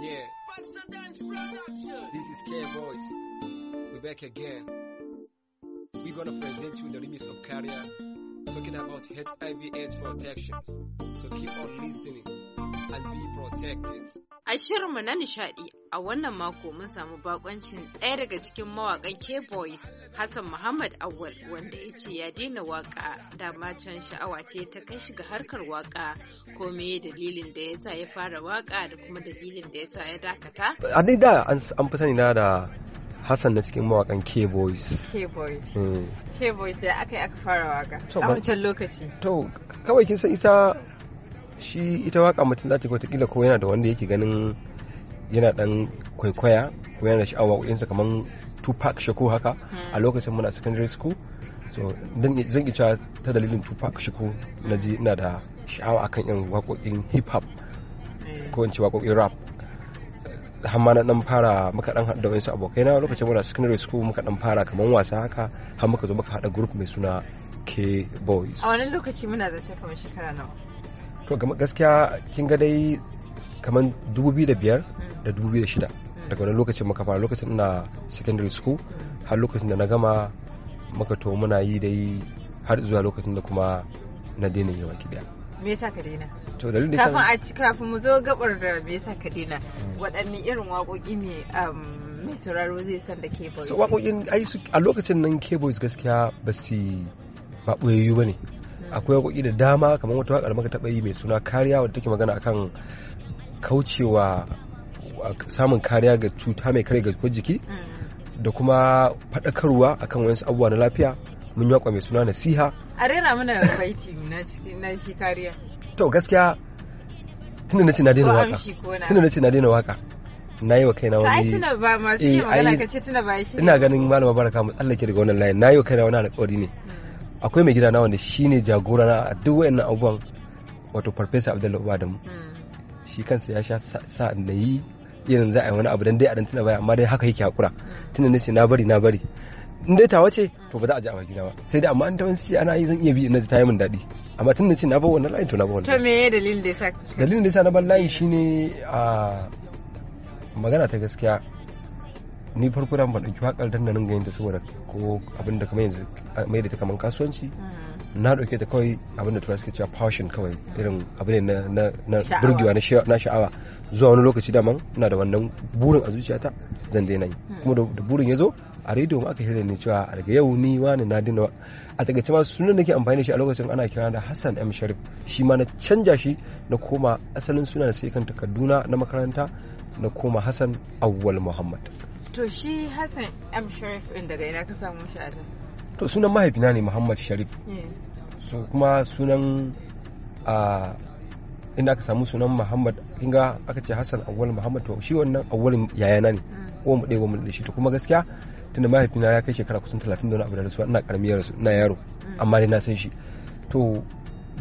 Yeah. This is K Boys. We're back again. We're gonna present you the remix of Carrier, talking about HIV AIDS protection. So keep on listening. and be protected. A shirinmu na nishadi a wannan mako mun samu bakoncin ɗaya daga cikin mawakan K-Boys Hassan Muhammad Awal wanda ya ce ya daina waka da can sha'awa ce ta kai shiga harkar waka ko me dalilin da ya sa ya fara waka da kuma dalilin da ya sa ya dakata? A dai da an fi sani na da Hassan na cikin mawakan K-Boys. K-Boys. Mm. K-Boys ya aka yi aka fara waka. A wancan lokaci. To, kawai kin san ita shi ita waka mutum za ta yi watakila ko yana da wanda yake ganin yana dan kwaikwaya ko yana da sha'awa kuɗinsa kamar tupac shakur haka a hmm. lokacin muna secondary school so zan iya cewa ta dalilin tupac shakur na ji ina da sha'awa akan yan waƙoƙin hip hop eh. ko in ce waƙoƙin rap hamma na dan fara muka dan haɗu da wasu abokai na lokacin muna secondary school muka dan fara kamar wasa haka har muka zo muka haɗa group mai suna K boys a wani lokaci muna zace kamar shekara nawa to kamar gaskiya kin ga dai kamar 2005 da 2006 mm. mm. daga wani lokacin muka fara lokacin ina secondary school mm. har lokacin da na gama muka to muna yi dai har zuwa lokacin da kuma na daina yi waki daya me yasa ka daina to dalilin kafin a kafin mu zo gabar da me yasa ka daina waɗanne irin waƙoƙi ne um, mai sauraro zai san da K-Boys waƙoƙin a lokacin nan K-Boys gaskiya ba su ba ɓoyayyu ba ne akwai waƙoƙi da dama kamar wata waƙa maka taɓa yi mai suna kariya wadda take magana akan kaucewa samun kariya ga cuta mai kare ga jiki mm. da kuma faɗakarwa akan wasu abubuwa na lafiya mun yi waƙa mai suna siha. a rera mana baiti na shi kariya to gaskiya tunda ce na daina waka tunda ce na daina waka na yi wa kaina wani ai tuna ba masu eh, yi magana ka ce tuna ba shi ina ganin malama baraka mu tsallake daga wannan layin na yi wa kaina wani alƙawari ne mm. akwai mai gida na wanda shine jagora na a duk wayannan abubuwan wato farfesa abdullahi uba adamu hmm. shi kansa ya sha sa na yi irin za a yi wani abu dan dai a dantina baya amma dai haka yake hakura hmm. tunda ne sai na bari na bari in dai tawa ce to ba za a ji a gida ba sai dai amma an tawanci ce ana yi zan iya bi na ta yi min daɗi amma tunda ce na bar wannan layin to na bar wannan to me dalilin da yasa dalilin da yasa na bar layin hmm. shine a ah, magana ta gaskiya ni farko da ban dauki wakar dan nan ganin ta saboda ko abin da kamar yanzu mai da ta kaman kasuwanci mm. na dauke ta kawai abin da turai suke cewa passion kawai irin abin ne na na burgewa na sha'awa zuwa wani lokaci daman ina da wannan burin a zuciyata zan daina yi mm. kuma da burin ya zo a rediyo ma aka shirya ne cewa a daga yau ni wani na dina a daga cewa sunan ke amfani da shi a lokacin ana kira da Hassan M Sharif shi ma na canja shi na koma asalin suna da sai kan takarduna na makaranta na koma Hassan Awwal Muhammad to shi hassan m sharif ɗin daga ina ka samu shi a to sunan mahaifina ne muhammad sharif so kuma sunan a inda aka samu sunan muhammad kinga aka ce hassan awwal muhammad to shi wannan awwal yayana ne mm. ko mu ɗaya mu da shi to kuma gaskiya tunda mahaifina ya kai shekara kusan 30 da wani abu da rasuwa ina karami ya ina yaro mm. amma dai na san shi to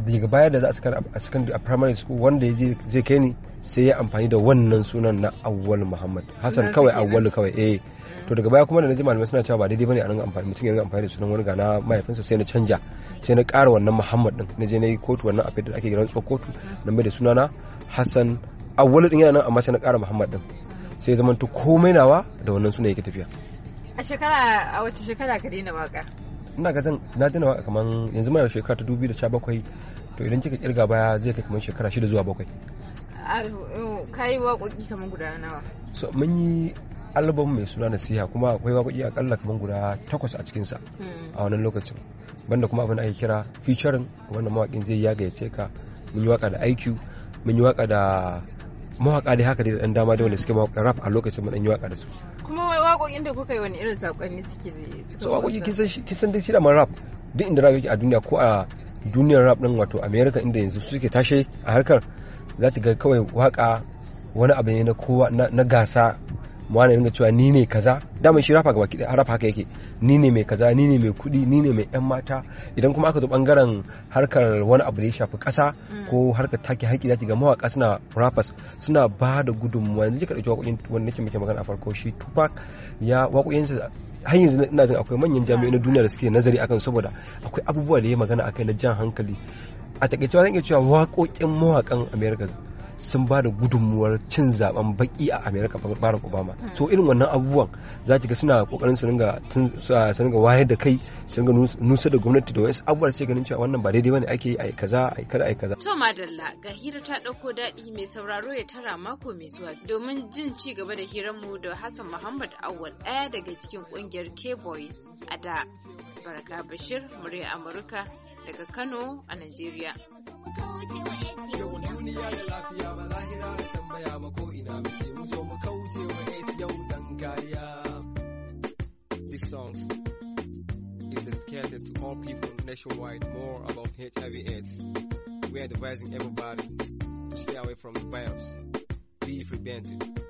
daga baya da za a secondary a primary school wanda zai kai ni sai ya amfani da wannan sunan na awwal muhammad hassan kawai awwal kawai eh mm. to daga baya kuma da naji malamai suna cewa ba daidai bane a nan amfani mutum ya rinka amfani da sunan wani gana mahaifinsa sai na canja sai na ƙara wannan muhammad din na je na yi kotu wannan a da ake gidan tsohon kotu na mai da sunana hassan awwal din yana nan amma sai na ƙara muhammad din sai zaman to komai nawa da wannan sunan yake tafiya a shekara a wace shekara ka daina waka ina ga zan na dana waka kaman yanzu mai shekara ta 2017 to idan kika kirga baya zai kai kamar shekara 6 zuwa 7 kai waƙoƙi kamar guda nawa so mun yi album mai suna nasiha kuma akwai waƙoƙi akalla kamar guda takwas a cikinsa hmm. a wannan lokacin banda kuma abin da ake kira featuring wannan mawaƙin zai ya ceka mun yi waka da IQ mun yi waka da mawaka dai haka dai da dan dama da wanda suke mawaka rap a lokacin mun dan yi waka da su kuma waƙoƙin da kuka yi wani irin saƙonni suke suka waƙoƙi kisan kisan duk shida man rap duk inda rap yake a duniya ko a duniyar rap din wato America inda yanzu suke tashe a harkar za ta ga kawai waka wani abu ne na kowa na gasa mu ana dinga cewa ni ne kaza dama shi rafa gaba rafa haka yake ni ne mai kaza ni ne mai kuɗi ni ne mai yan mata idan kuma aka zo bangaren harkar wani abu da ya shafi ƙasa mm. ko harkar take haƙi zaki ga mawaka suna rappers suna ba da gudunmuwa yanzu kika dauki waƙoƙin wanda nake muke magana a farko shi Tupac ya waƙoƙinsa har yanzu ina jin akwai manyan jami'o'i na duniya da suke nazari akan saboda akwai abubuwa da ya magana akai na jan hankali a takaice zan iya cewa waƙoƙin mawaƙan America sun ba da gudunmuwar cin zaben baki a america barack obama hmm. so irin wannan abubuwan za ki ga suna kokarin su ringa wayar da kai su ringa nusa da gwamnati da wasu abubuwar sai ganin cewa wannan ba daidai bane ake yi ai kaza ai kada ai kaza to madalla ga hira ta dauko dadi mai sauraro ya tara mako mai zuwa domin jin ci gaba da hirar mu da Hassan Muhammad Awal daya daga cikin kungiyar K-Boys a da Baraka Bashir murya Amurka daga Kano a Najeriya. lafiya ba da tambaya ko ina muke mu zo mu kauce wa AIDS yau dan kariya. These songs is dedicated to all people nationwide more about HIV AIDS. We are advising everybody to stay away from the virus. Be prevented.